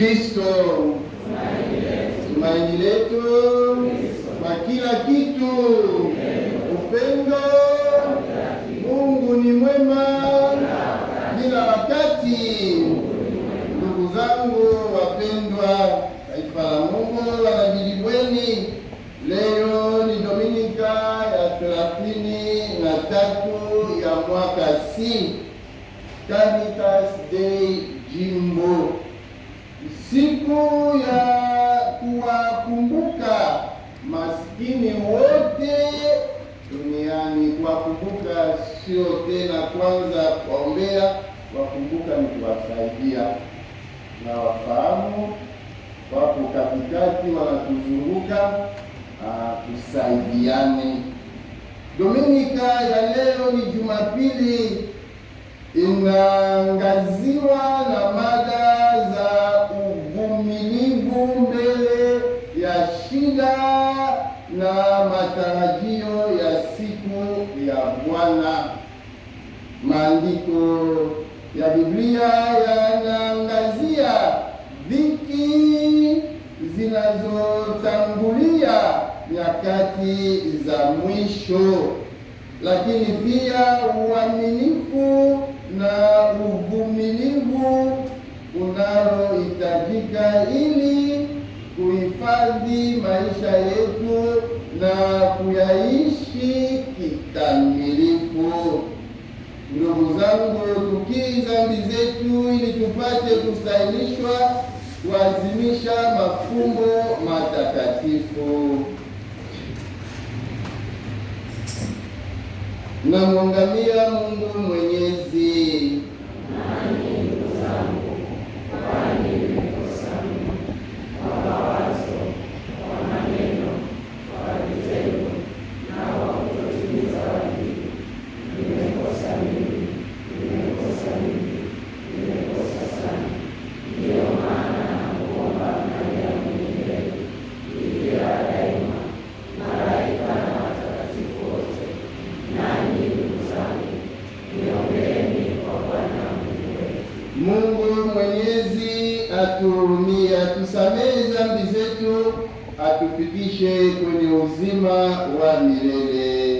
Kristo tumaini letu kwa kila kitu. Upendo, Mungu ni mwema kila wakati. Ndugu zangu wapendwa, taifa la Mungu, wanajilibweni, leo ni Dominika ya thelathini na tatu ya mwaka C Caritas Day siku ya kuwakumbuka maskini wote duniani. Kuwakumbuka sio tena kwanza kuwaombea, kuwakumbuka ni kuwasaidia na wafahamu wapo katikati wanatuzunguka, tusaidiane. Dominika ya leo ni Jumapili, inaangaziwa na mada mbele ya shida na matarajio ya siku ya Bwana. Maandiko ya Biblia yanaangazia dhiki zinazotangulia nyakati za mwisho, lakini pia uaminifu na uvumilivu unalohitajika ili kuhifadhi maisha yetu na kuyaishi kikamilifu. Ndugu zangu, tukii dhambi zetu ili tupate kustahilishwa kuazimisha mafumbo matakatifu. Namwangamia Mungu Mwenyezi Mungu Mwenyezi atuhurumie, atusamehe dhambi zetu, atufikishe kwenye uzima wa milele.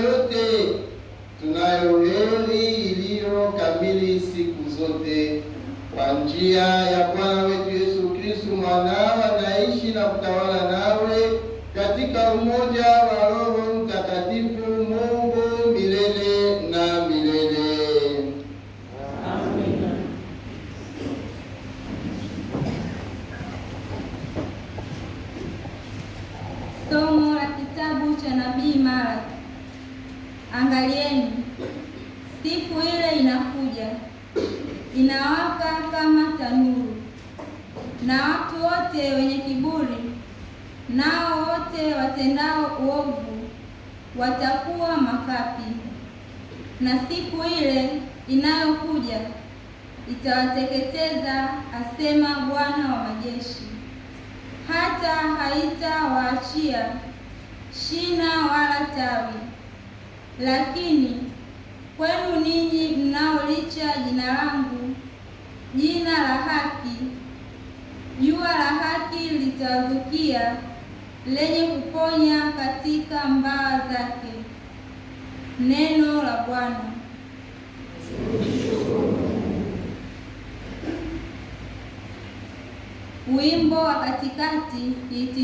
yote tunayo heri iliyo kamili siku zote kwa njia ya Bwana wetu Yesu Kristo mwanao, anaishi na kutawala nawe katika umoja wa Angalieni, siku ile inakuja, inawaka kama tanuru, na watu wote wenye kiburi, nao wote watendao uovu watakuwa makapi. Na siku ile inayokuja itawateketeza, asema Bwana wa majeshi, hata haitawaachia shina wala tawi. Lakini kwenu ninyi mnaolicha jina langu, jina la haki, jua la haki litazukia, lenye kuponya katika mbaa zake. Neno la Bwana. Wimbo wa katikati.